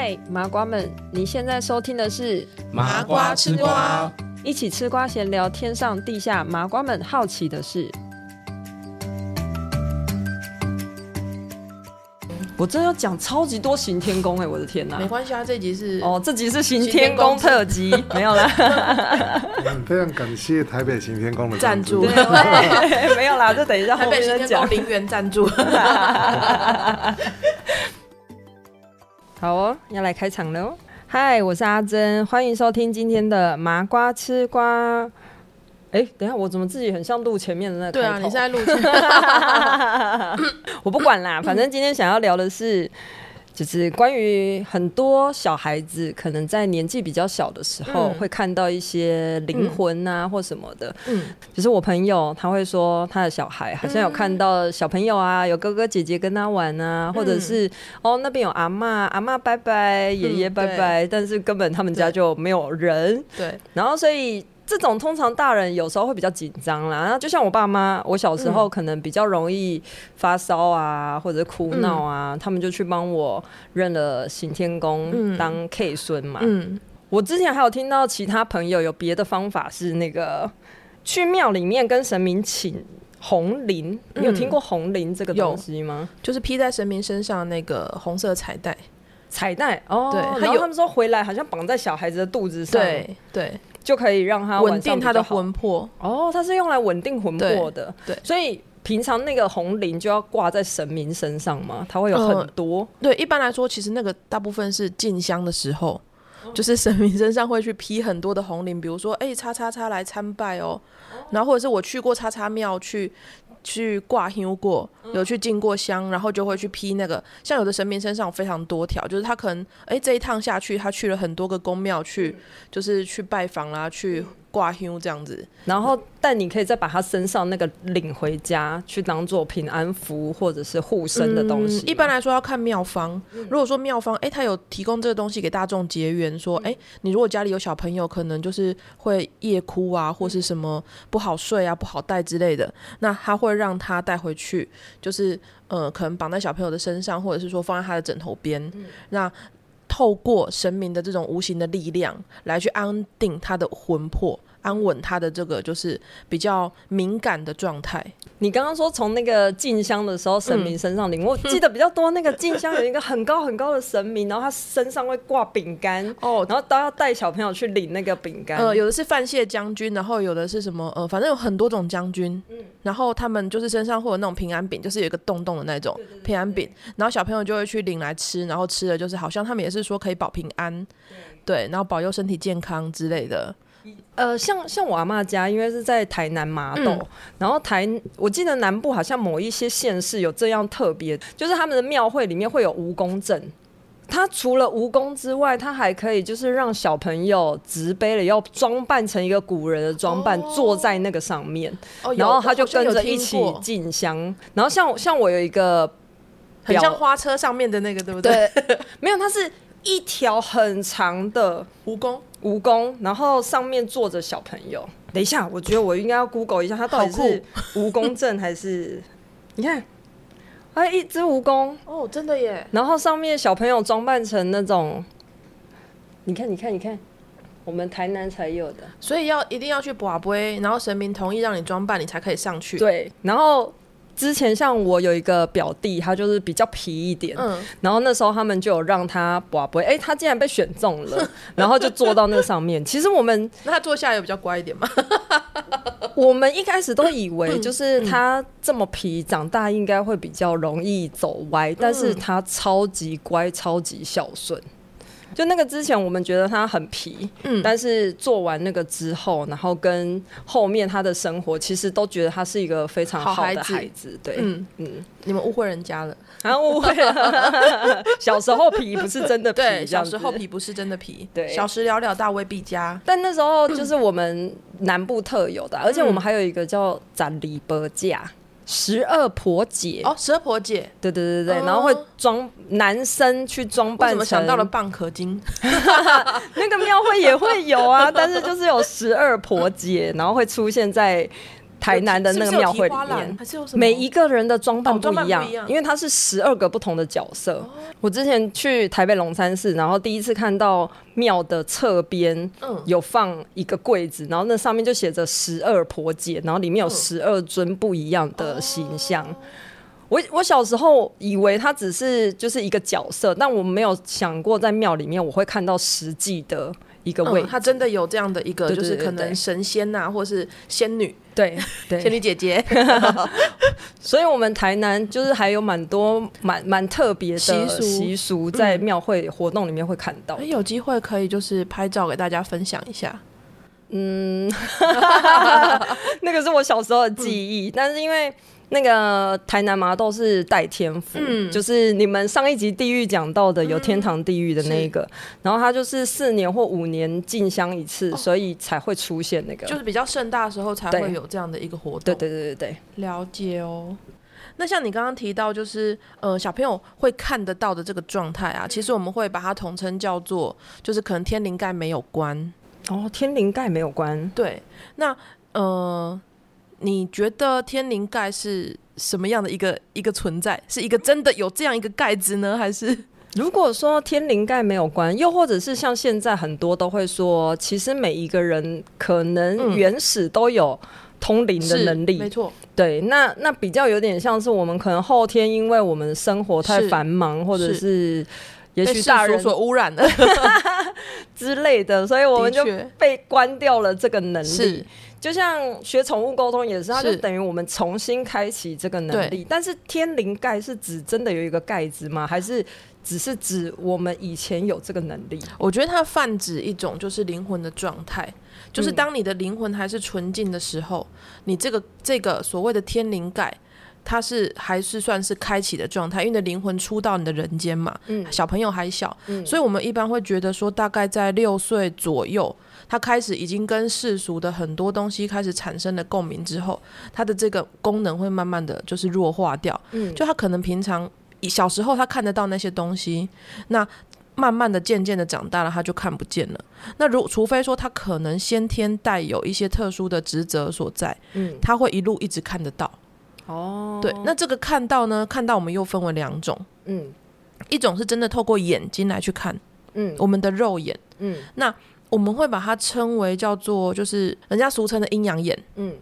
Hi, 麻瓜們，你現在收聽的是《麻瓜吃瓜》，一起吃瓜閒聊天上地下麻瓜們好奇的事。我真的要講超級多行天宮哎，欸，我的天吶！沒關係啊，這集是哦，這集是行天宮特輯， 沒有啦 ，嗯。非常感謝台北行天宮的贊助，對， 沒有啦，就等一下台北行天宮零元贊助。 好哦，要來開場嘍！嗨，我是阿甄，歡迎收聽今天的《麻瓜吃瓜》欸。哎，等一下我怎麼自己很像錄前面的那個？對啊，你現在錄前面 我不管啦，反正今天想要聊的是。就是關於很多小孩子，可能在年紀比較小的時候，會看到一些靈魂啊或什麼的。嗯，就是我朋友他會說，他的小孩好像有看到小朋友啊，有哥哥姐姐跟他玩啊，或者是哦那邊有阿嬤，阿嬤拜拜，爺爺拜拜，但是根本他們家就沒有人。對，然後所以。這種通常大人有時候會比較緊張啦，就像我爸媽，我小時候可能比較容易發燒啊、嗯，或者哭鬧啊、嗯，他們就去幫我認了行天宮當乾孫嘛，嗯嗯。我之前還有聽到其他朋友有別的方法，是那個去廟裡面跟神明請紅綾、嗯，你有聽過紅綾這個東西嗎？就是披在神明身上的那個紅色彩帶，彩帶哦。還有他們說回來好像綁在小孩子的肚子上，對對。就可以讓他穩定他的魂魄哦，它是用來穩定魂魄的對。對，所以平常那個紅綾就要掛在神明身上嘛，它會有很多、呃。對，一般來說，其實那個大部分是進香的時候、哦，就是神明身上會去披很多的紅綾，比如說哎、欸，叉叉叉來參拜哦，哦，然後或者是我去過叉叉廟去。去掛香過，有去進過香，然後就會去批那個。像有的神明身上有非常多條，就是他可能哎、欸、這一趟下去，他去了很多個宮廟去，就是去拜訪啦，去。掛香這樣子，然後，但你可以再把他身上那個領回家，去當做平安符或者是護身的東西，嗯。一般來說要看廟方，如果說廟方誒、欸、他有提供這個東西給大眾結緣，說誒、欸、你如果家裡有小朋友，可能就是會夜哭啊，或是什麼不好睡啊、不好帶之類的，那他會讓他帶回去，就是呃，可能綁在小朋友的身上，或者是說放在他的枕頭邊。那、嗯透過神明的這種無形的力量，來去安定他的魂魄。安穩他的這個就是比較敏感的狀態。你剛剛說從那個進香的時候神明身上領，我記得比較多那個進香有一個很高很高的神明，然後他身上會掛餅乾哦，然後都要帶小朋友去領那個餅乾，哦。呃，有的是范謝將軍，然後有的是什麼呃，反正有很多種將軍。嗯，然後他們就是身上會有那種平安餅，就是有一個洞洞的那種平安餅，然後小朋友就會去領來吃，然後吃的就是好像他們也是說可以保平安，嗯、對，然後保佑身體健康之類的。呃，像像我阿媽家，因為是在台南麻豆，嗯、然後台我記得南部好像某一些縣市有這樣特別，就是他們的廟會裡面會有蜈蚣陣，它除了蜈蚣之外，它還可以就是讓小朋友直背了要裝扮成一個古人的裝扮、哦，坐在那個上面，哦、然後他就跟着一起進香、哦。然後像像我有一個很像花車上面的那個，對不對？對 沒有，它是。一條很長的蜈蚣，蜈蚣，然後上面坐着小朋友。等一下，我覺得我應該要 Google 一下，它到底是蜈蚣陣還是？ 你看，哎，一隻蜈蚣哦，真的耶。然後上面小朋友裝扮成那種，你看，你看，你看，我們台南才有的，所以要一定要去拔杯，然後神明同意讓你裝扮，你才可以上去。對，然後。之前像我有一個表弟，他就是比較皮一點，嗯、然後那時候他們就有讓他不啊不哎，他竟然被選中了，然後就坐到那上面。 其實我們那他坐下來有比較乖一點嗎？我們一開始都以為就是他這麼皮，長大應該會比較容易走歪，嗯，但是他超級乖，超級孝順。就那個之前我們覺得他很皮，嗯、但是做完那個之後，然後，後，然後跟後面他的生活，其實都覺得他是一個非常好的孩子，孩子對，嗯嗯，你們誤會人家了，好像誤會了， 小時候皮不是真的皮，對，小時候皮不是真的皮，對，小時了了大未必佳。但那時候就是我們南部特有的、啊嗯，而且我們還有一個叫斬籬伯架。十二婆姐哦，十二婆姐，對對對對，哦、然後會裝男生去裝扮，我怎麼想到了蚌殼精？ 那個廟會也會有啊， 但是就是有十二婆姐， 然後會出現在，台南的那個廟會裡面，每一個人的裝扮不一樣，因為他是十二個不同的角色。我之前去台北龍山寺，然後第一次看到廟的側邊，有放一個櫃子，然後那上面就寫着十二婆姐，然後裡面有十二尊不一樣的形象。我我小時候以為他只是就是一個角色，但我沒有想過在廟裡面我會看到實際的一個位，他真的有這樣的一個，就是可能神仙吶，或是仙女。對，對，仙女姐姐， 所以，我們台南就是還有蠻多蠻蠻特別的習俗，在廟會活動裡面會看到。哎、嗯欸，有機會可以就是拍照給大家分享一下。嗯， 那個是我小時候的記憶，嗯、但是因為。那個台南麻豆是代天府，嗯，就是你們上一集地獄講到的有天堂地獄的那一個，嗯，然後他就是四年或五年進香一次，哦，所以才會出現那個，就是比較盛大的時候才會有這樣的一個活動。對對對對對，對，了解哦。那像你剛剛提到，就是呃小朋友會看得到的這個狀態啊，其實我們會把它統稱叫做，就是可能天靈蓋沒有關哦，天靈蓋沒有關。對，那呃。你覺得天靈蓋是什麼樣的一個一個存在？是一個真的有這樣一個蓋子呢，還是如果說天靈蓋沒有關，又或者是像現在很多都會說，其實每一個人可能原始都有通靈的能力，嗯、沒錯，對，那那比較有點像是我們可能後天因為我們生活太繁忙，或者是也許大人所污染了 之類的，所以我們就被關掉了這個能力。就像學寵物溝通也是，它就等於我們重新開啟這個能力。是。但是天靈蓋是指真的有一個蓋子嗎？還是只是指我們以前有這個能力？我覺得它泛指一種就是靈魂的狀態，就是當你的靈魂還是純淨的時候，嗯。你這個這個所謂的天靈蓋。他是還是算是開啟的狀態，因為你的靈魂出到你的人間嘛，小朋友還小，所以我們一般會覺得說，大概在六歲左右，他開始已經跟世俗的很多東西開始產生了共鳴之後，他的這個功能會慢慢的就是弱化掉，就他可能平常小時候他看得到那些東西，那慢慢的漸漸的長大了，他就看不見了。那如除非說他可能先天帶有一些特殊的職責所在，他會一路一直看得到。哦，對，那這個看到呢？看到我們又分為兩種，嗯，一種是真的透過眼睛來去看，嗯，我們的肉眼，嗯，那我們會把它稱為叫做，就是人家俗稱的陰陽眼，嗯，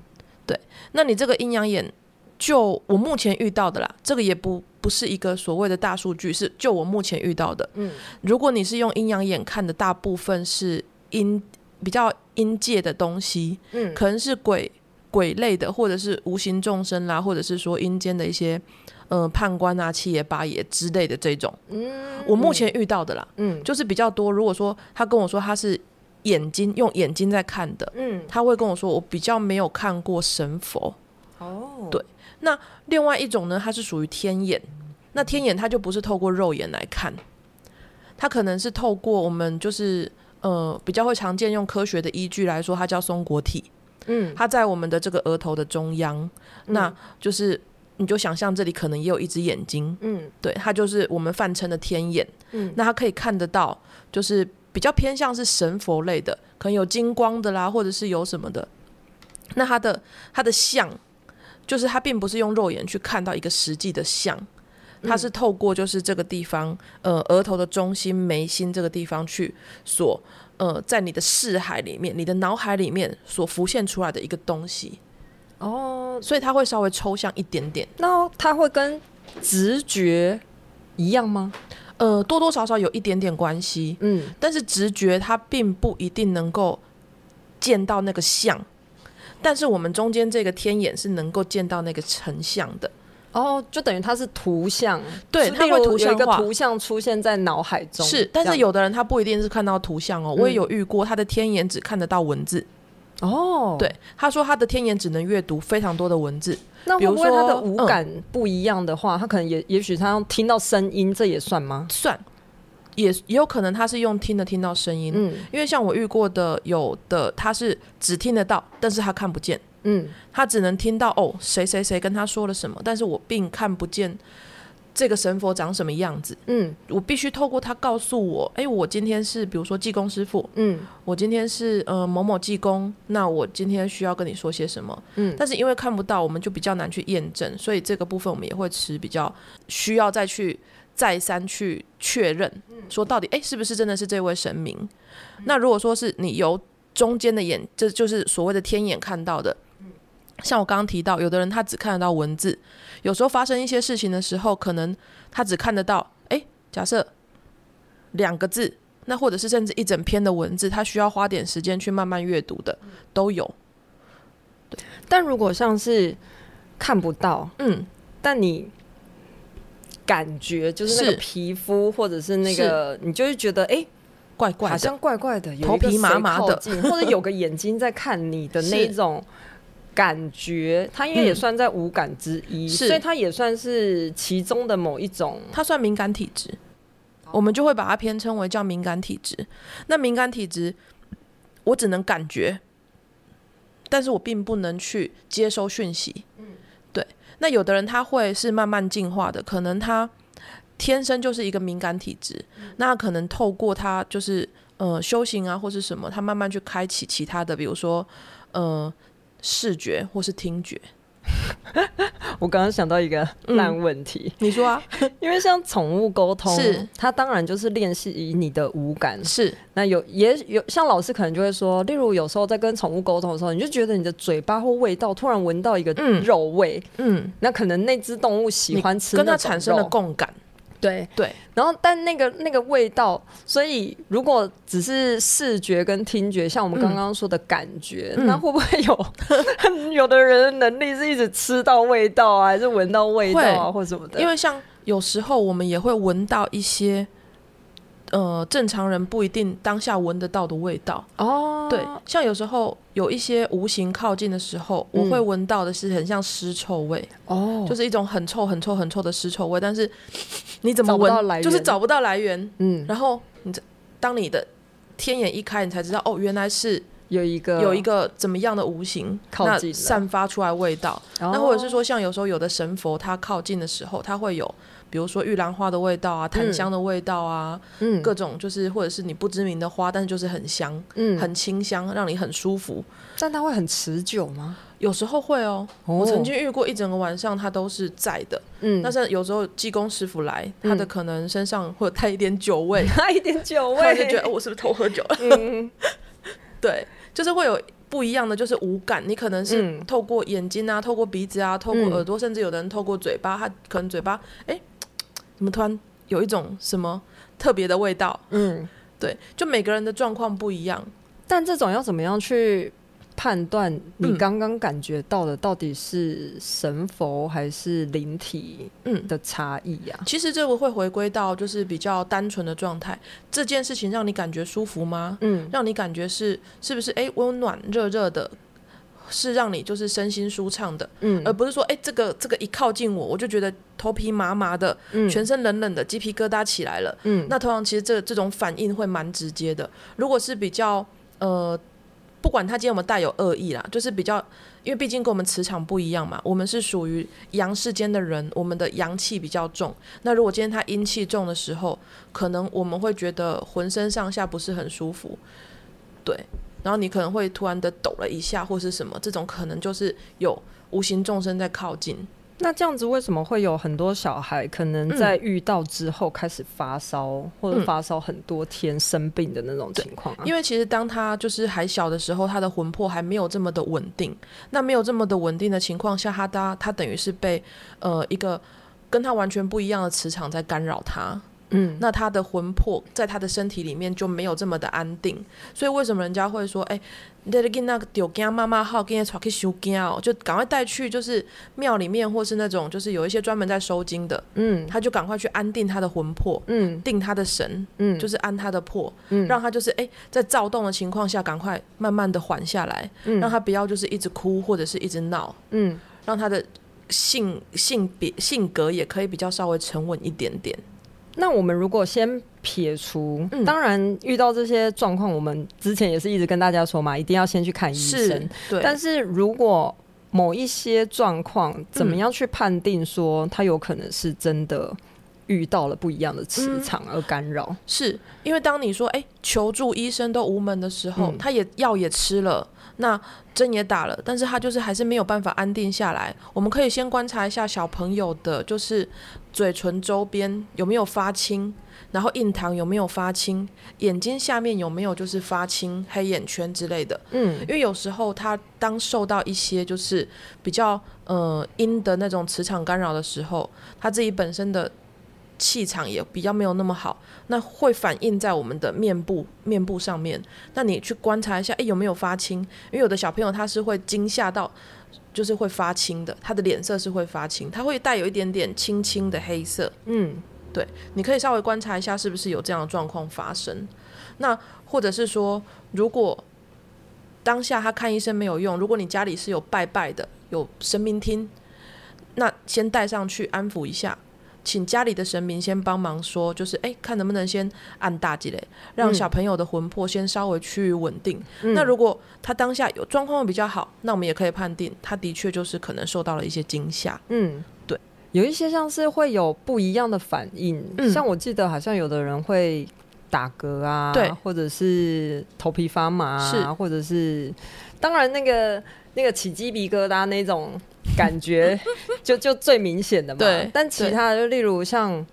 對，那你這個陰陽眼，就我目前遇到的啦，這個也不不是一個所謂的大數據，是就我目前遇到的，嗯，如果你是用陰陽眼看的，大部分是陰比較陰界的東西，嗯，可能是鬼。鬼類的，或者是無形眾生啦，或者是說陰間的一些，呃，判官啊、七爺八爺之類的這種，嗯，我目前遇到的啦，嗯，就是比較多。如果說他跟我說他是眼睛用眼睛在看的，嗯，他會跟我說我比較沒有看過神佛，哦，對。那另外一種呢，它是屬於天眼，那天眼它就不是透過肉眼來看，它可能是透過我們就是呃比較會常見用科學的依據來說，它叫松果體。嗯，它在我們的這個額頭的中央，嗯，那就是你就想象這裡可能也有一只眼睛，嗯，對，它就是我們泛稱的天眼，嗯，那它可以看得到，就是比較偏向是神佛類的，可能有金光的啦，或者是有什麼的，那它的它的像，就是它並不是用肉眼去看到一個實際的像，它是透過就是這個地方，呃，額頭的中心，眉心這個地方去鎖。呃，在你的視海裡面，你的腦海裡面所浮現出來的一個東西，哦，所以它會稍微抽象一點點。那它會跟直覺一樣嗎？呃，多多少少有一點點關係，嗯，但是直覺它並不一定能夠見到那個像，但是我們中間這個天眼是能夠見到那個成像的。哦，就等於它是圖像，對，它會圖像一個圖像出現在腦海中。是，但是有的人他不一定是看到圖像哦，嗯、我也有遇過，他的天眼只看得到文字。哦，對，他說他的天眼只能閱讀非常多的文字。那如果他的五感不一樣的話，嗯、他可能也也許他要聽到聲音，這也算嗎？算，也也有可能他是用聽的聽到聲音，嗯，因為像我遇過的有的他是只聽得到，但是他看不見。嗯，他只能聽到哦，誰誰誰跟他說了什麼，但是我並看不見這個神佛長什麼樣子。嗯，我必須透過他告訴我，哎、欸，我今天是比如說濟公師傅，嗯，我今天是呃某某濟公，那我今天需要跟你說些什麼？嗯，但是因為看不到，我們就比較難去驗證，所以這個部分我們也會持比較需要再去再三去確認，說到底哎、欸，是不是真的是這位神明？那如果說是你由中間的眼，這就是所謂的天眼看到的。像我剛剛提到，有的人他只看得到文字，有時候發生一些事情的時候，可能他只看得到，哎、欸，假設兩個字，那或者是甚至一整篇的文字，他需要花點時間去慢慢閱讀的都有。對，但如果像是看不到，嗯，但你感覺就是那個皮膚，或者是那個，你就會覺得哎、欸，怪怪的，好像怪怪的、的，頭皮麻麻的，或者有個眼睛在看你的那種。 感覺他應該也算在五感之一，所以他也算是其中的某一種。他算敏感體質，我們就會把它偏稱為叫敏感體質。那敏感體質，我只能感覺，但是我並不能去接收訊息。對。那有的人他會是慢慢進化的，可能他天生就是一個敏感體質，那可能透過他就是呃修行啊或是什麼，他慢慢去開啟其他的，比如說呃。視覺或是聽覺， 我剛剛想到一個爛問題，嗯，你說啊？ 因為像寵物溝通，是它當然就是練習以你的五感是。那有也有像老師可能就會說，例如有時候在跟寵物溝通的時候，你就覺得你的嘴巴或味道突然聞到一個肉味，嗯，嗯那可能那只動物喜歡吃，跟它產生了共感。對對，然後但那個那個味道，所以如果只是視覺跟聽覺，像我們剛剛說的感覺，嗯、那會不會有、嗯、 有的人能力是一直吃到味道啊，還是聞到味道啊，或什麼的？因為像有時候我們也會聞到一些。呃，正常人不一定當下聞得到的味道哦。對，像有時候有一些無形靠近的時候，嗯、我會聞到的是很像屍臭味哦，就是一種很臭、很臭、很臭的屍臭味。但是你怎麼聞，就是找不到來源。嗯，然後你這當你的天眼一開，你才知道哦，原來是有一個有一個怎麼樣的無形靠近散發出來味道，哦。那或者是說，像有時候有的神佛他靠近的時候，他會有。比如說玉蘭花的味道啊，檀香的味道啊，嗯，各種就是或者是你不知名的花，但是就是很香，嗯，很清香，讓你很舒服。但它會很持久嗎？有時候會、喔、哦，我曾經遇過一整個晚上，它都是在的。嗯，但是有時候濟公師傅來，嗯、他的可能身上會帶一點酒味，帶一點酒味， 他就會覺得我是不是偷喝酒了？嗯、 對，就是會有不一樣的，就是五感。你可能是透過眼睛啊，嗯、透過鼻子啊，透過耳朵、嗯，甚至有人透過嘴巴，他可能嘴巴哎。欸怎麼突然有一種什麼特別的味道，嗯，對，就每個人的狀況不一樣，但這種要怎麼樣去判斷？你剛剛感覺到的到底是神佛還是靈體、啊？嗯，的差異呀？其實這個會回歸到就是比較單純的狀態。這件事情讓你感覺舒服嗎？嗯，讓你感覺是是不是？哎、欸，溫暖熱熱的。是讓你就是身心舒暢的，嗯，而不是說哎、欸，這個這個一靠近我，我就覺得頭皮麻麻的，嗯，全身冷冷的，雞皮疙瘩起來了，嗯。那同樣，其實這這種反應會蠻直接的。如果是比較呃，不管他今天我們有沒有帶有惡意啦，就是比較，因為畢竟跟我們磁場不一樣嘛，我們是屬於陽世間的人，我們的陽氣比較重。那如果今天他陰氣重的時候，可能我們會覺得渾身上下不是很舒服，對。然後你可能會突然的抖了一下，或是什麼，這種可能就是有無形眾生在靠近。那這樣子為什麼會有很多小孩可能在遇到之後開始發燒，嗯，或者發燒很多天生病的那種情況，啊？因為其實當他就是還小的時候，他的魂魄還沒有這麼的穩定。那沒有這麼的穩定的情況下他，他他他等於是被呃一個跟他完全不一樣的磁場在干擾他。嗯，那他的魂魄在他的身體裡面就沒有這麼的安定，所以為什麼人家會說，哎、欸哦，就趕快帶去，就是廟裡面，或是那種就是有一些專門在收驚的，嗯、他就趕快去安定他的魂魄，嗯、定他的神、嗯，就是安他的魄，嗯、讓他就是哎、欸、在躁動的情況下，趕快慢慢的緩下來、嗯，讓他不要就是一直哭或者是一直鬧，嗯，讓他的性性別性格也可以比較稍微沉穩一點點。那我們如果先撇除，嗯、當然遇到這些狀況，我們之前也是一直跟大家說嘛，一定要先去看醫生。對，但是如果某一些狀況，怎麼樣去判定說他有可能是真的遇到了不一樣的磁場而干擾、嗯？是因為當你說“哎、欸，求助醫生都無門”的時候，嗯、他也藥也吃了。那針也打了，但是他就是還是沒有辦法安定下來。我們可以先觀察一下小朋友的，就是嘴唇周邊有沒有發青，然後印堂有沒有發青，眼睛下面有沒有就是發青、黑眼圈之類的。嗯，因為有時候他當受到一些就是比較呃陰的那種磁場干擾的時候，他自己本身的。氣場也比較沒有那麼好，那會反映在我們的面部面部上面。那你去觀察一下，誒，有沒有發青？因為有的小朋友他是會驚嚇到，就是會發青的，他的臉色是會發青，他會帶有一點點青青的黑色。嗯，對，你可以稍微觀察一下，是不是有這樣的狀況發生？那或者是說，如果當下他看醫生沒有用，如果你家裡是有拜拜的、有神明廳，那先帶上去安撫一下。請家裡的神明先幫忙說，就是哎、欸，看能不能先按大祭嘞，讓小朋友的魂魄先稍微趨於穩定、嗯。那如果他當下有狀況比較好，那我們也可以判定他的確就是可能受到了一些驚嚇。嗯，對，有一些像是會有不一樣的反應，嗯、像我記得好像有的人會打嗝啊，或者是頭皮發麻、啊，是，或者是當然那個那個起雞皮疙瘩那種。 感覺就就最明顯的嘛，對，但其他的就例如像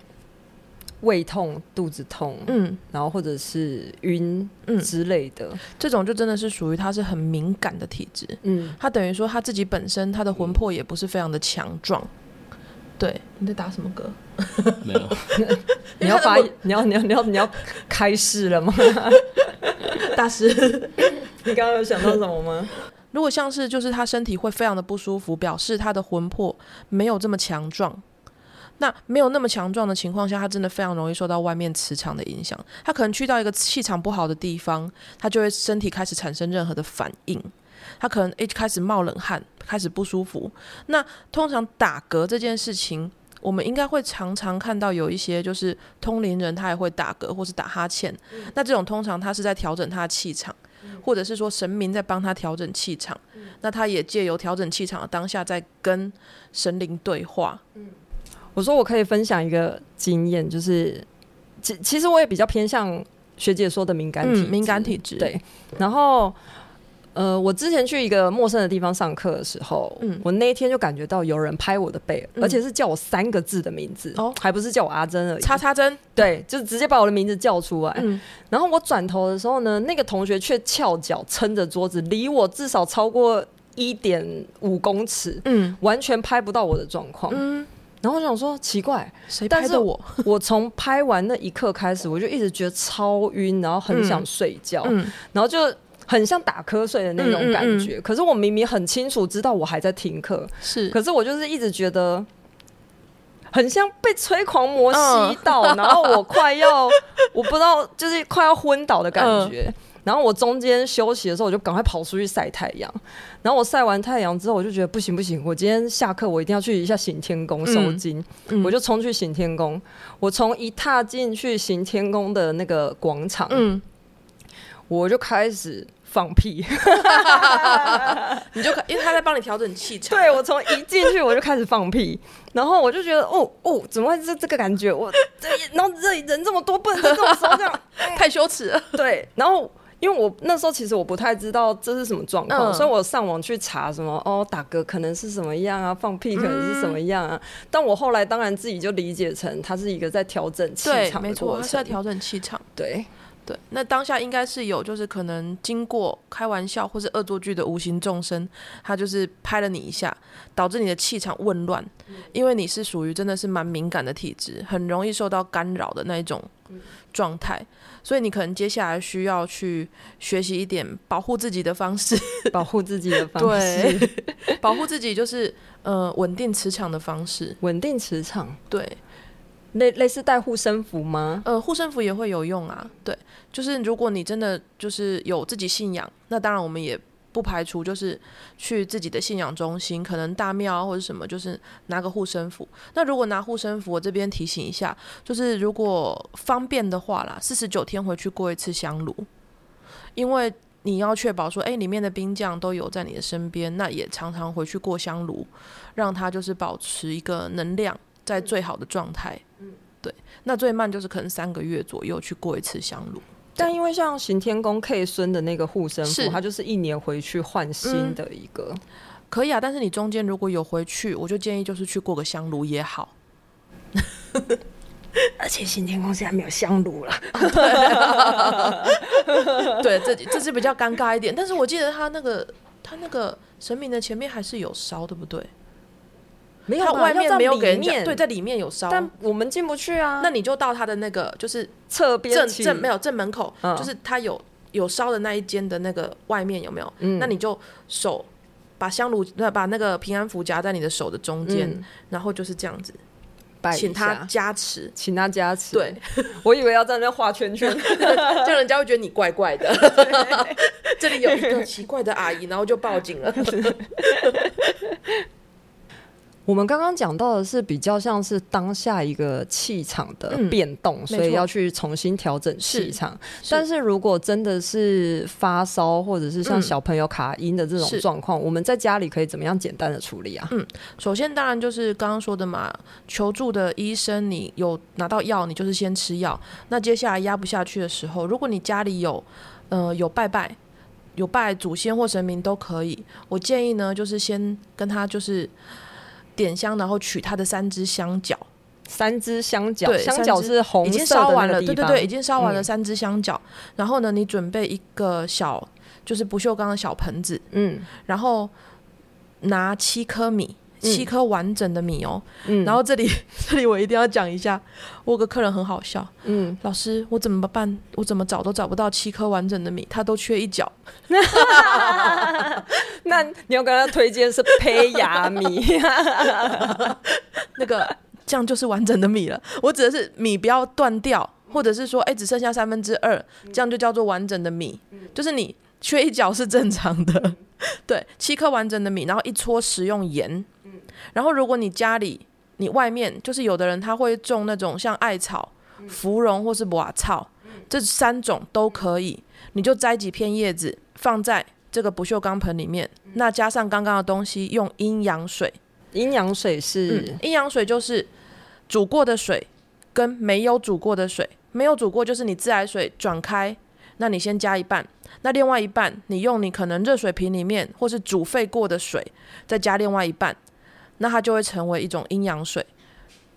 胃痛、肚子痛，嗯，然後或者是暈，之類的、嗯，這種就真的是屬於他是很敏感的體質，嗯，他等於說他自己本身他的魂魄也不是非常的強壯、嗯，對，你在打什麼歌？沒有， 你要發你要，你要你要你要你要開示了嗎？ 大師， 你剛剛有想到什麼嗎？ 如果像是就是他身體會非常的不舒服，表示他的魂魄沒有這麼強壯。那沒有那麼強壯的情況下，他真的非常容易受到外面磁場的影響。他可能去到一個氣場不好的地方，他就會身體開始產生任何的反應。他可能一開始冒冷汗，開始不舒服。那通常打嗝這件事情，我們應該會常常看到有一些就是通靈人他也會打嗝或是打哈欠、嗯。那這種通常他是在調整他的氣場。或者是說神明在幫他調整氣場，那他也借由調整氣場的當下，在跟神靈對話。嗯，我說我可以分享一個經驗，就是其其實我也比較偏向學姐說的敏感體、嗯，敏感體質。對，然後。呃，我之前去一個陌生的地方上課的時候、嗯，我那一天就感覺到有人拍我的背，嗯、而且是叫我三個字的名字，哦、還不是叫我阿甄而已。叉叉甄，對，就是直接把我的名字叫出來。嗯、然後我轉頭的時候呢，那個同學卻翹腳撐着桌子，離我至少超過一點五公尺、嗯，完全拍不到我的狀況、嗯。然後我想說奇怪，誰拍的我？但是我從拍完那一刻開始，我就一直覺得超暈，然後很想睡覺，嗯、然後就。很像打瞌睡的那種感覺，嗯嗯嗯，可是我明明很清楚知道我還在聽課，是，可是我就是一直覺得，很像被催狂魔吸到，嗯、然後我快要， 我不知道，就是快要昏倒的感覺。嗯、然後我中間休息的時候，我就趕快跑出去曬太陽。然後我曬完太陽之後，我就覺得不行不行，我今天下課我一定要去一下行天宮收驚、嗯，我就衝去行天宮。我從一踏進去行天宮的那個廣場，嗯。我就開始放屁， 你就可因為他在幫你調整氣場。 對，我從一進去我就開始放屁， 然後我就覺得哦哦，怎麼會是這個感覺？我，然後這裡人這麼多，不能在跟我說這樣， 嗯、太羞恥了。對，然後因為我那時候其實我不太知道這是什麼狀況、嗯，所以我上網去查什麼哦，打嗝可能是什麼樣啊，放屁可能是什麼樣啊。嗯、但我後來當然自己就理解成他是一個在調整氣場的過程，對，沒錯，他是在調整氣場。對。對，那當下應該是有，就是可能經過開玩笑或是惡作劇的無形眾生，他就是拍了你一下，導致你的氣場紊亂，因為你是屬於真的是蠻敏感的體質，很容易受到干擾的那一種狀態，所以你可能接下來需要去學習一點保護自己的方式，保護自己的方式， 對，保護自己就是呃穩定磁場的方式，穩定磁場，對。類類似帶護身符嗎？呃，護身符也會有用啊。對，就是如果你真的就是有自己信仰，那當然我們也不排除就是去自己的信仰中心，可能大廟啊或者什麼，就是拿個護身符。那如果拿護身符，我這邊提醒一下，就是如果方便的話啦，四十九天回去過一次香爐，因為你要確保說，哎、欸，裡面的兵將都有在你的身邊，那也常常回去過香爐，讓它就是保持一個能量在最好的狀態。對，那最慢就是可能三個月左右去過一次香爐，但因為像行天宮 K 孫的那個護身符，它就是一年回去換新的一個、嗯，可以啊。但是你中間如果有回去，我就建議就是去過個香爐也好。 而且行天宮現在沒有香爐了， 對，這這是比較尷尬一點。但是我記得他那個他那個神明的前面還是有燒的，對不對？沒有，他外面沒有給面，對，在裡面有燒，但我們進不去啊。那你就到他的那個，就是側邊正正，正沒有正門口，嗯、就是他有有燒的那一間的那個外面有沒有？嗯、那你就手把香爐那把那個平安符夾在你的手的中間、嗯，然後就是這樣子拜，請他加持，請他加持。對， 我以為要站在那畫圈圈， 這樣人家會覺得你怪怪的。 這裡有一個奇怪的阿姨，然後就報警了。 我們剛剛講到的是比較像是當下一個氣場的變動，嗯，所以要去重新調整氣場。但是如果真的是發燒或者是像小朋友卡陰的這種狀況，嗯，我們在家裡可以怎麼樣簡單的處理啊？嗯，首先當然就是剛剛說的嘛，求助的醫生，你有拿到藥，你就是先吃藥。那接下來壓不下去的時候，如果你家裡有呃有拜拜，有拜祖先或神明都可以。我建議呢，就是先跟他就是。點香，然後取它的三支香角，三支香角。對，香角是紅色的，已經燒完了。對對對，已經燒完了三支香角、嗯。然後呢，你準備一個小，就是不鏽鋼的小盆子，嗯，然後拿七顆米。嗯、七顆完整的米哦，嗯、然後這裡這裡我一定要講一下，我有個客人很好笑，嗯，老師，我怎麼辦？我怎麼找都找不到七顆完整的米，他都缺一角， 那你要跟他推薦是胚芽米 那個這樣就是完整的米了。我指的是米不要斷掉，或者是說哎、欸、只剩下三分之二，這樣就叫做完整的米，嗯，就是你缺一角是正常的。嗯、對，七顆完整的米，然後一撮食用鹽。然後，如果你家裡、你外面，就是有的人他會種那種像艾草、芙蓉或是瓦草，這三種都可以。你就摘幾片葉子，放在這個不銹鋼盆裡面，那加上剛剛的東西，用陰陽水。陰陽水是、嗯、陰陽水，就是煮過的水跟沒有煮過的水。沒有煮過就是你自來水轉開，那你先加一半，那另外一半你用你可能熱水瓶裡面或是煮沸過的水，再加另外一半。那它就會成為一種陰陽水。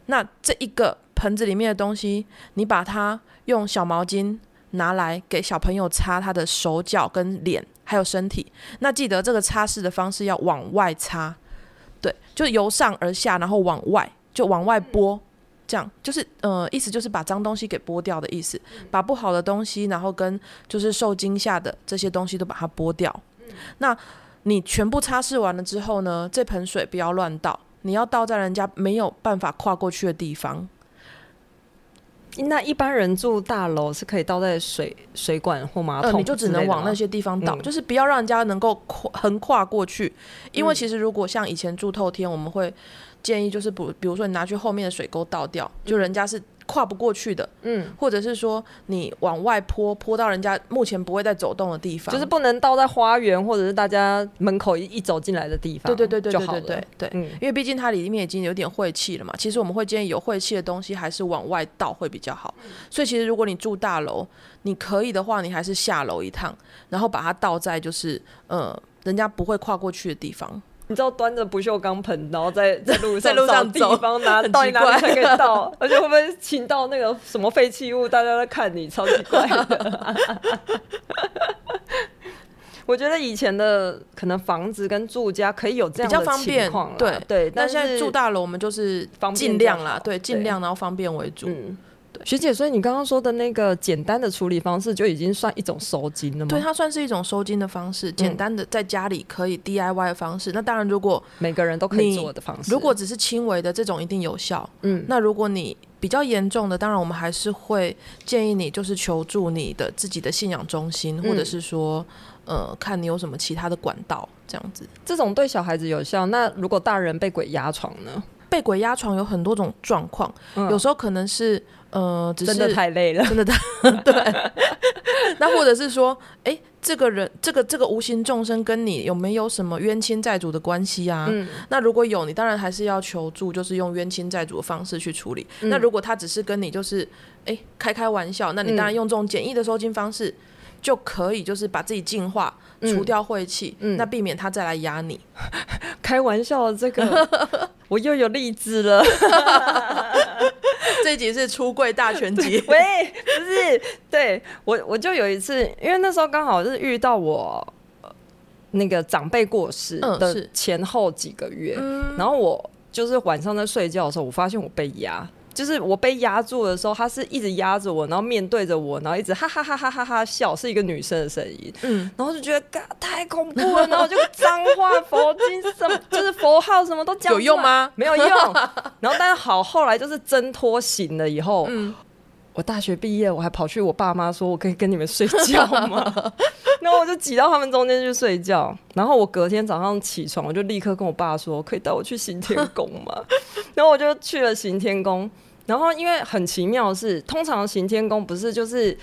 那這一個盆子裡面的東西，你把它用小毛巾拿來給小朋友擦他的手腳跟臉，還有身體。那記得這個擦拭的方式要往外擦，對，就由上而下，然後往外，就往外撥、嗯。這樣就是，呃，意思就是把髒東西給撥掉的意思、嗯，把不好的東西，然後跟就是受驚嚇的這些東西都把它撥掉。嗯、那你全部擦拭完了之後呢，這盆水不要亂倒，你要倒在人家沒有辦法跨過去的地方。那一般人住大樓是可以倒在水水管或馬桶。嗯、呃，你就只能往那些地方倒，就是不要讓人家能夠橫跨過去。嗯。因為其實如果像以前住透天，我們會建議就是不，比如說你拿去後面的水溝倒掉，嗯，就人家是。跨不過去的，嗯，或者是說你往外潑潑到人家目前不會再走動的地方，就是不能倒在花園，或者是大家門口一一走進來的地方、嗯。對對對對對對，就好了、嗯、對，因為畢竟它裡面已經有點晦氣了嘛。其實我們會建議有晦氣的東西還是往外倒會比較好。所以其實如果你住大樓，你可以的話，你還是下樓一趟，然後把它倒在就是呃人家不會跨過去的地方。你知道端着不鏽鋼盆，然後在在路上找地方 在路上走拿倒拿去倒，才可以 而且會不會請到那個什麼廢棄物，大家都在看你，超奇怪的。 我覺得以前的可能房子跟住家可以有這樣的情況，對對。但現在住大樓，我們就是盡量啦，對，盡量然後方便為主。學姐，所以你剛剛說的那個簡單的處理方式就已經算一種收驚了嗎？對，它算是一種收驚的方式，嗯、簡單的在家裡可以 DIY 的方式。那當然，如果每個人都可以做的方式，如果只是輕微的這種一定有效。嗯，那如果你比較嚴重的，當然我們還是會建議你就是求助你的自己的信仰中心，嗯、或者是說呃，看你有什麼其他的管道這樣子。這種對小孩子有效，那如果大人被鬼壓床呢？被鬼壓床有很多種狀況、嗯，有時候可能是呃只是，真的太累了，真的太 對。 那或者是說，誒、欸，這個人，這個這個無形眾生跟你有沒有什麼冤親債主的關係啊、嗯。那如果有，你當然還是要求助，就是用冤親債主的方式去處理、嗯。那如果他只是跟你就是誒、欸、開開玩笑，那你當然用這種簡易的收驚方式。嗯就可以，就是把自己淨化、嗯，除掉晦氣、嗯，那避免他再來壓你。開玩笑的這個 我又有例子了。 這一集是出櫃大全集。喂，不 是，對我我就有一次，因為那時候剛好是遇到我那個長輩過世的前後幾個月、嗯嗯，然後我就是晚上在睡覺的時候，我發現我被壓。就是我被壓住的時候，他是一直壓着我，然後面對着我，然後一直哈哈哈哈哈哈笑，笑，是一個女生的聲音，嗯，然後就覺得嘎太恐怖了， 然後就髒話佛經 什麼，就是佛號什麼都講，有用嗎？沒有用。 然後但是好，後來就是掙脫醒了以後、嗯，我大學畢業，我還跑去我爸媽說，我可以跟你們睡覺嗎？ 然後我就擠到他們中間去睡覺，然後我隔天早上起床，我就立刻跟我爸說，可以帶我去行天宮嗎？ 然後我就去了行天宮。然後，因為很奇妙的是，通常行天宮不是就是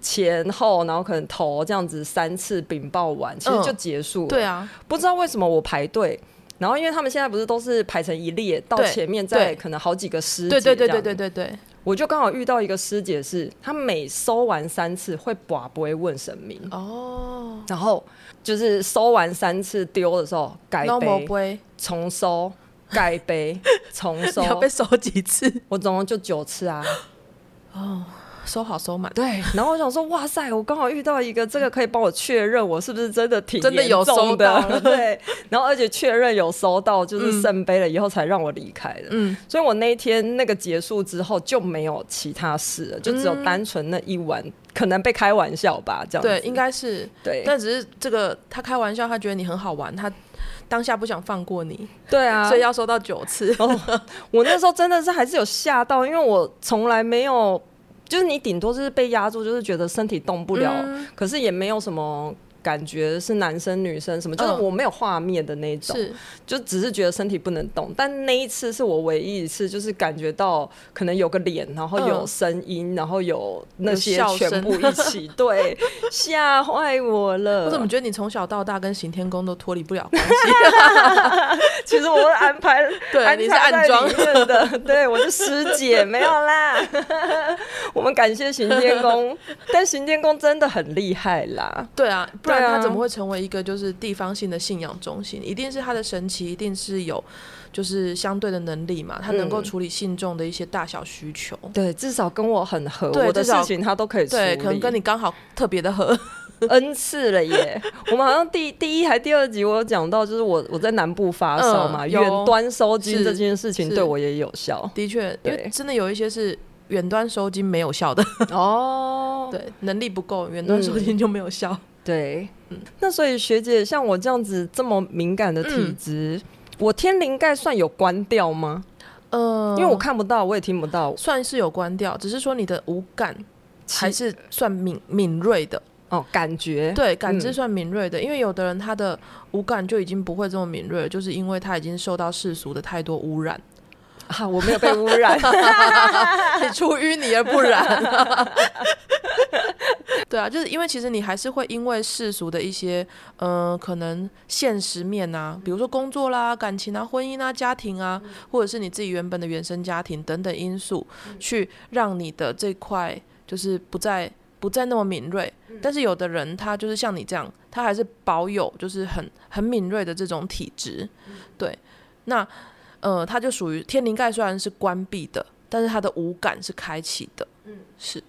前後，然後可能頭這樣子三次禀報完，嗯，其實就結束了。對啊，不知道為什麼我排隊，然後因為他們現在不是都是排成一列，到前面再可能好幾個師姐這樣。對對對對對對對，對。我就剛好遇到一個師姐是，她每收完三次會不不會問神明哦，然後就是收完三次丟的時候改杯，杯重收。蓋杯重收， 你要被收幾次？我總共就九次啊。哦。 收好收滿，對。然後我想說，哇塞，我剛好遇到一個，這個可以幫我確認我是不是真的挺的真的有收到， 對。然後而且確認有收到，就是聖杯了以後才讓我離開的。嗯，所以我那一天那個結束之後就沒有其他事了，就只有單純那一晚可能被開玩笑吧，這樣。嗯、對，應該是對。但只是這個他開玩笑，他覺得你很好玩，他當下不想放過你。對啊，所以要收到九次。我， 我那時候真的是還是有嚇到，因為我從來沒有。就是你頂多就是被壓住，就是覺得身體動不了，嗯、可是也沒有什麼。感覺是男生、女生什麼、嗯，就是我沒有畫面的那種，就只是覺得身體不能動。但那一次是我唯一一次，就是感覺到可能有個臉，然後有聲音、嗯，然後有那些全部一起，對，嚇壞我了。我怎麼覺得你從小到大跟行天宮都脫離不了關係？ 其實我是安排，對安排你是暗裝的， 對，我是師姐，沒有啦。 我們感謝行天宮， 但行天宮真的很厲害啦。對啊，不然。但他怎麼會成為一個就是地方性的信仰中心？一定是他的神奇，一定是有就是相對的能力嘛，他能夠處理信眾的一些大小需求、嗯。對，至少跟我很合，我的事情他都可以處理。對，可能跟你剛好特別的合，N 次了耶。 我們好像第一第一還第二集，我有講到，就是我我在南部發燒嘛，遠、嗯、端收金這件事情對我也有效。的確，因為真的有一些是遠端收金沒有效的哦。對，能力不夠，遠端收金、嗯、就沒有效。對，那所以學姐，像我這樣子這麼敏感的體質，嗯，我天靈蓋算有關掉嗎？呃，因為我看不到，我也聽不到，算是有關掉，只是說你的五感還是算敏敏銳的哦，感覺對，感知算敏銳的，嗯，因為有的人他的五感就已經不會這麼敏銳了，就是因為他已經受到世俗的太多污染。啊，我沒有被污染， 你出淤泥而不染。 對啊，就是因為其實你還是會因為世俗的一些，嗯、呃，可能現實面啊，比如說工作啦、感情啊、婚姻啊、家庭啊，或者是你自己原本的原生家庭等等因素，嗯、去讓你的這塊就是不再不再那麼敏銳、嗯。但是有的人他就是像你這樣，他還是保有就是很很敏銳的這種體質、嗯。對，那。呃、嗯，它就屬於天靈蓋，雖然是關閉的，但是它的五感是開啟的。嗯，是。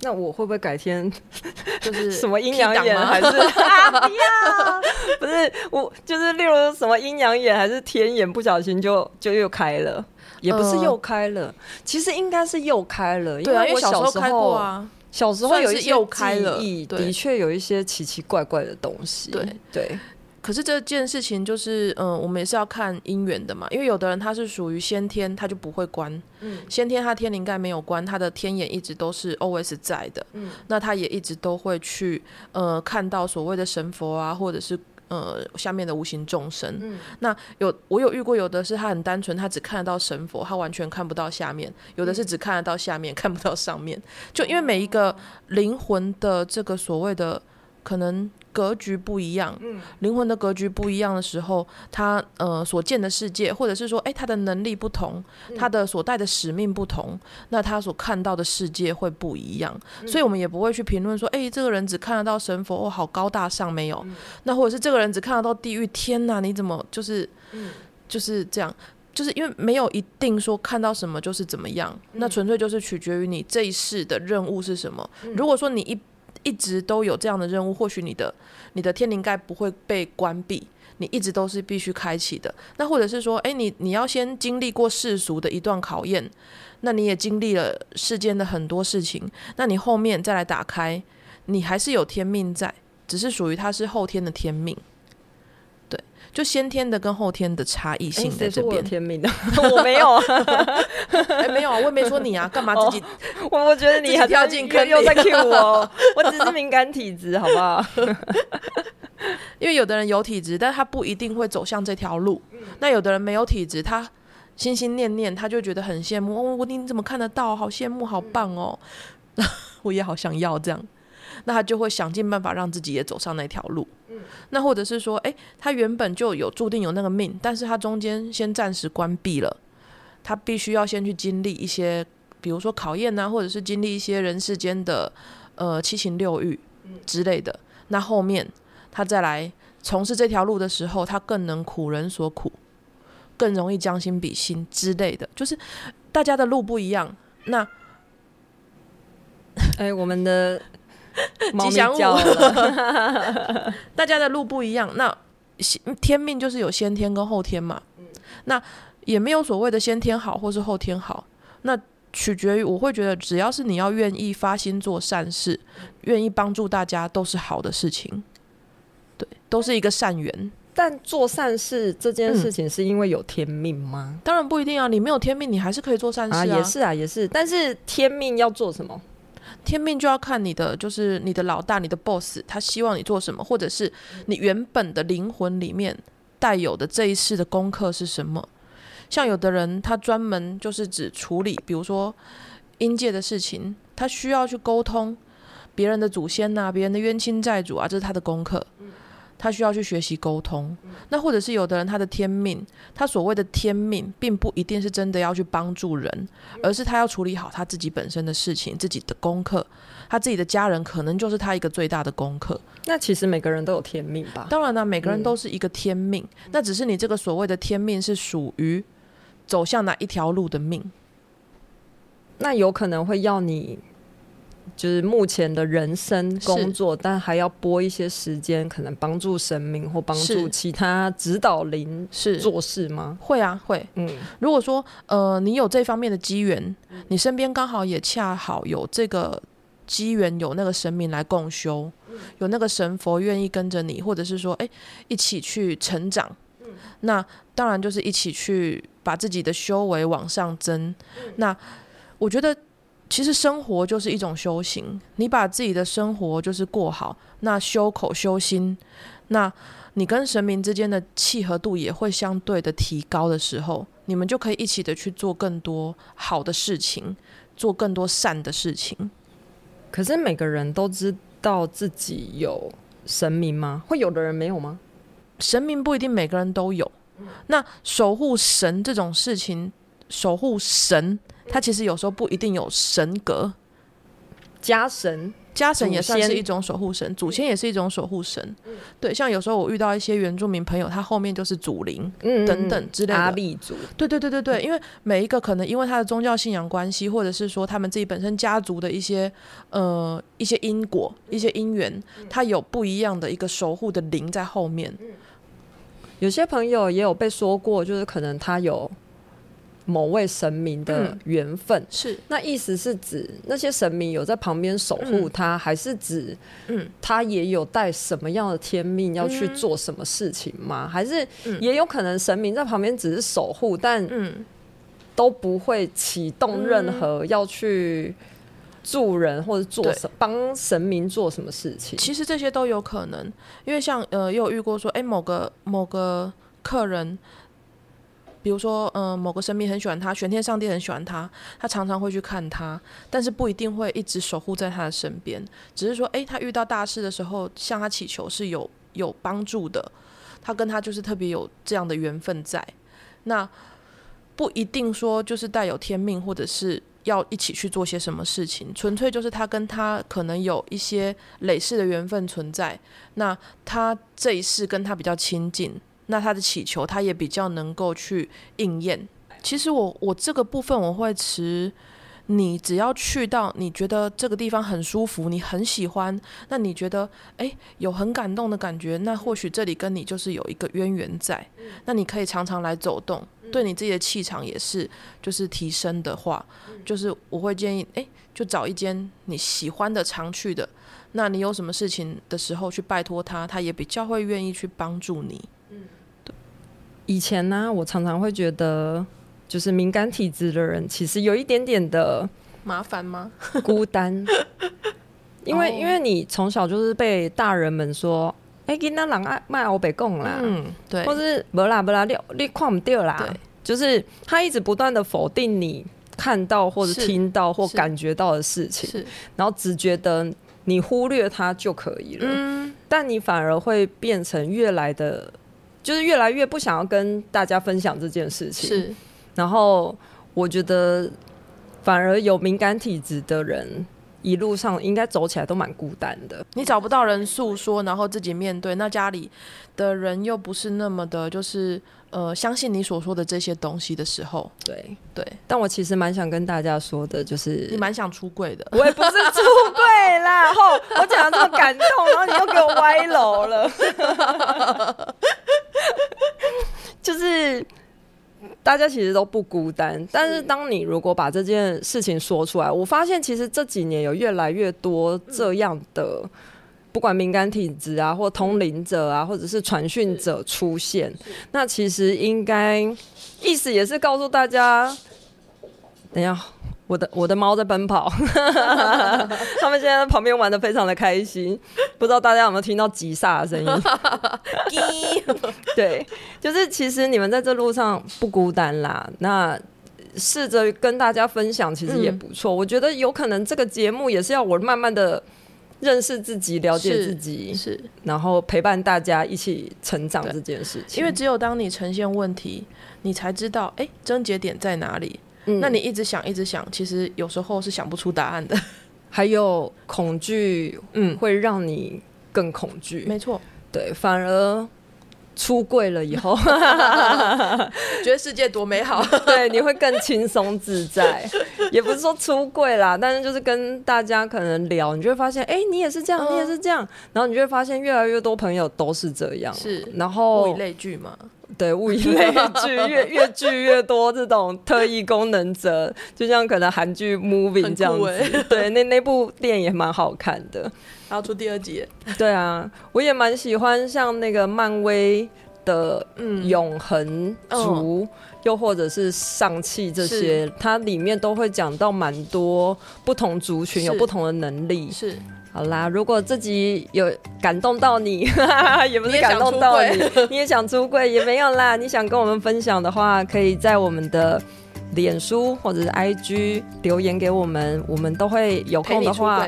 那我會不會改天是就是什麼陰陽眼，還是 不是我，就是例如什麼陰陽眼，還是天眼，不小心就就又開了、嗯，也不是又開了。其實應該是又開了、嗯，對啊，因為小時候開過啊，小時候有一些又開了、記憶，對，的確有一些奇奇怪怪的東西。對對。可是這件事情就是，嗯、呃，我們也是要看因緣的嘛，因為有的人他是屬於先天，他就不會關，嗯、先天他天靈蓋沒有關，他的天眼一直都是 always 在的，嗯，那他也一直都會去，呃，看到所謂的神佛啊，或者是呃下面的無形眾生，嗯，那有我有遇過，有的是他很單純，他只看得到神佛，他完全看不到下面，有的是只看得到下面，嗯、看不到上面，就因為每一個靈魂的這個所謂的。可能格局不一樣，嗯、靈魂的格局不一樣的時候，他呃所見的世界，或者是說，哎、欸，他的能力不同，嗯、他的所帶的使命不同，那他所看到的世界會不一樣。嗯、所以，我們也不會去評論說，哎、欸，這個人只看得到神佛，哦，好高大上，沒有。嗯、那或者是這個人只看得到地獄，天哪，你怎麼就是、嗯，就是這樣，就是因為沒有一定說看到什麼就是怎麼樣，嗯、那純粹就是取決於你這一世的任務是什麼。嗯、如果說你一。一直都有這樣的任務，或許你的你的天靈蓋不會被關閉，你一直都是必須開啟的。那或者是說，哎、欸，你你要先經歷過世俗的一段考驗，那你也經歷了世間的很多事情，那你後面再來打開，你還是有天命在，只是屬於它是後天的天命。就先天的跟後天的差異性在這邊。欸、我沒有、 欸，沒有，我也沒說你啊，幹嘛自己？我、oh, 我覺得你還跳進坑裡又在 cue 我，我只是敏感體質， 好不好？ 因為有的人有體質，但他不一定會走向這條路。 那有的人沒有體質，他心心念念，他就覺得很羨慕。我、哦、你怎麼看得到？好羨慕，好棒哦！ 我也好想要這樣。那他就會想盡辦法讓自己也走上那條路。那或者是說，哎、欸，他原本就有注定有那個命，但是他中間先暫時關閉了，他必須要先去經歷一些，比如說考驗啊，或者是經歷一些人世間的，呃，七情六欲之類的。那後面他再來從事這條路的時候，他更能苦人所苦，更容易將心比心之類的。就是大家的路不一樣。那、欸，哎，我們的。吉祥物， 大家的路不一樣。那先天命就是有先天跟後天嘛。嗯、那也沒有所謂的先天好或是後天好，那取決於我會覺得，只要是你要願意發心做善事，願意幫助大家，都是好的事情。對，都是一個善緣。但做善事這件事情是因為有天命嗎？嗯、當然不一定啊，你沒有天命，你還是可以做善事啊，啊。也是啊，也是。但是天命要做什麼？天命就要看你的，就是你的老大，你的 boss，他希望你做什麼，或者是你原本的靈魂裡面帶有的這一世的功課是什麼？像有的人，他專門就是只處理，比如說陰界的事情，他需要去溝通別人的祖先吶、啊，別人的冤親債主啊，這是他的功課。他需要去學習溝通，那或者是有的人他的天命，他所謂的天命，並不一定是真的要去幫助人，而是他要處理好他自己本身的事情，自己的功課，他自己的家人可能就是他一個最大的功課。那其實每個人都有天命吧？當然了，每個人都是一個天命，嗯，那只是你這個所謂的天命是屬於走向哪一條路的命，那有可能會要你。就是目前的人生工作，但還要撥一些時間，可能幫助神明或幫助其他指導靈做事嗎？是、會啊，會。嗯，如果說呃，你有這方面的機緣、嗯，你身邊剛好也恰好有這個機緣，有那個神明來共修，嗯、有那個神佛願意跟着你，或者是說，誒、欸，一起去成長、嗯。那當然就是一起去把自己的修為往上增。嗯、那我覺得。其實生活就是一種修行，你把自己的生活就是過好，那修口修心，那你跟神明之間的契合度也會相對的提高的時候，你們就可以一起的去做更多好的事情，做更多善的事情。可是每個人都知道自己有神明嗎？會有的人沒有嗎？神明不一定每個人都有。那守護神這種事情，守護神。他其實有時候不一定有神格，家神、家神也算是一種守護神，祖先，祖先也是一種守護神。嗯、對，像有時候我遇到一些原住民朋友，他後面就是祖靈、嗯嗯嗯，等等之類的。阿立祖對對對對對，因為每一個可能因為他的宗教信仰關係，或者是說他們自己本身家族的一些呃一些因果、一些因緣，他有不一樣的一個守護的靈在後面嗯嗯。有些朋友也有被說過，就是可能他有。某位神明的緣分、嗯、是那意思是指那些神明有在旁邊守護他、嗯，還是指嗯他也有帶什麼樣的天命要去做什麼事情嗎？嗯、還是也有可能神明在旁邊只是守護，但嗯都不會啟動任何要去助人或者做什幫、嗯嗯、神明做什麼事情？其實這些都有可能，因為像呃，有遇過說哎、欸，某個某個客人。比如說，嗯、呃，某個神明很喜歡他，玄天上帝很喜歡他，他常常會去看他，但是不一定會一直守護在他的身邊，只是說，誒、欸，他遇到大事的時候向他祈求是有有幫助的，他跟他就是特別有這樣的緣分在。那不一定說就是帶有天命，或者是要一起去做些什麼事情，純粹就是他跟他可能有一些累世的緣分存在，那他這一世跟他比較親近。那他的祈求，他也比較能夠去應驗。其實我我這個部分我會持，你只要去到你覺得這個地方很舒服，你很喜歡，那你覺得誒、欸、有很感動的感覺，那或許這裡跟你就是有一個淵源在。那你可以常常來走動，對你自己的氣場也是就是提升的話，就是我會建議誒、欸、就找一間你喜歡的常去的。那你有什麼事情的時候去拜託他，他也比較會願意去幫助你。以前呢、啊，我常常會覺得，就是敏感體質的人其實有一點點的麻煩嗎？孤單，因為 因為你從小就是被大人們說，哎、哦，你那狼愛賣歐北貢啦，嗯，對，或是不啦不啦，你你框不掉啦，對，就是他一直不斷的否定你看到或者聽到或感覺到的事情，然後只覺得你忽略它就可以了，嗯，但你反而會變成越來的。就是越來越不想要跟大家分享這件事情。是，然後我覺得反而有敏感體質的人。一路上應該走起來都蠻孤單的，你找不到人訴說，然後自己面對。那家裡的人又不是那麼的，就是呃，相信你所說的這些東西的時候。對對，但我其實蠻想跟大家說的，就是你蠻想出櫃的，我也不是出櫃啦。後、 哦、我講的這麼感動，然後你又給我歪樓了。 大家其實都不孤單，但是當你如果把這件事情說出來，我發現其實這幾年有越來越多這樣的，不管敏感體質啊，或通靈者啊，或者是傳訊者出現，那其實應該意思也是告訴大家，等一下。我的我的貓在奔跑， 他們現在在旁邊玩得非常的開心， 不知道大家有沒有聽到急煞的聲音？ 對，就是其實你們在這路上不孤單啦，那試着跟大家分享，其實也不錯，嗯。我覺得有可能這個節目也是要我慢慢的認識自己、了解自己，是，是然後陪伴大家一起成長這件事情。因為只有當你呈現問題，你才知道哎，癥結點在哪裡？嗯、那你一直想一直想，其實有時候是想不出答案的。還有恐懼，嗯，會讓你更恐懼。沒錯，對，反而出櫃了以後， 覺得世界多美好。 對，你會更輕鬆自在。 也不是說出櫃啦，但是就是跟大家可能聊，你就會發現，哎、欸，你也是這樣、呃，你也是這樣。然後你就會發現，越來越多朋友都是這樣。是，然後物以類聚嘛。對，物以類聚，越越聚越多這種特異功能者，就像可能韓劇《Moving》這樣子，欸、對，那那部電影也蠻好看的。然後出第二集，對啊，我也蠻喜歡像那個漫威的《永恆族》，嗯，又或者是《尚氣》這些、嗯，它裡面都會講到蠻多不同族群有不同的能力是。好啦，如果自己有感動到你，呵呵也不是感動到你，你也想出櫃也，也沒有啦。 你想跟我們分享的話，可以在我們的臉書或者是 IG 留言給我們，我們都會有空的話。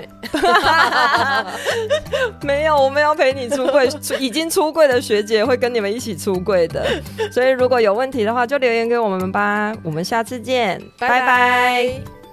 沒有，我們要陪你出櫃， 出已經出櫃的學姐會跟你們一起出櫃的。所以如果有問題的話，就留言給我們吧。我們下次見，拜 拜。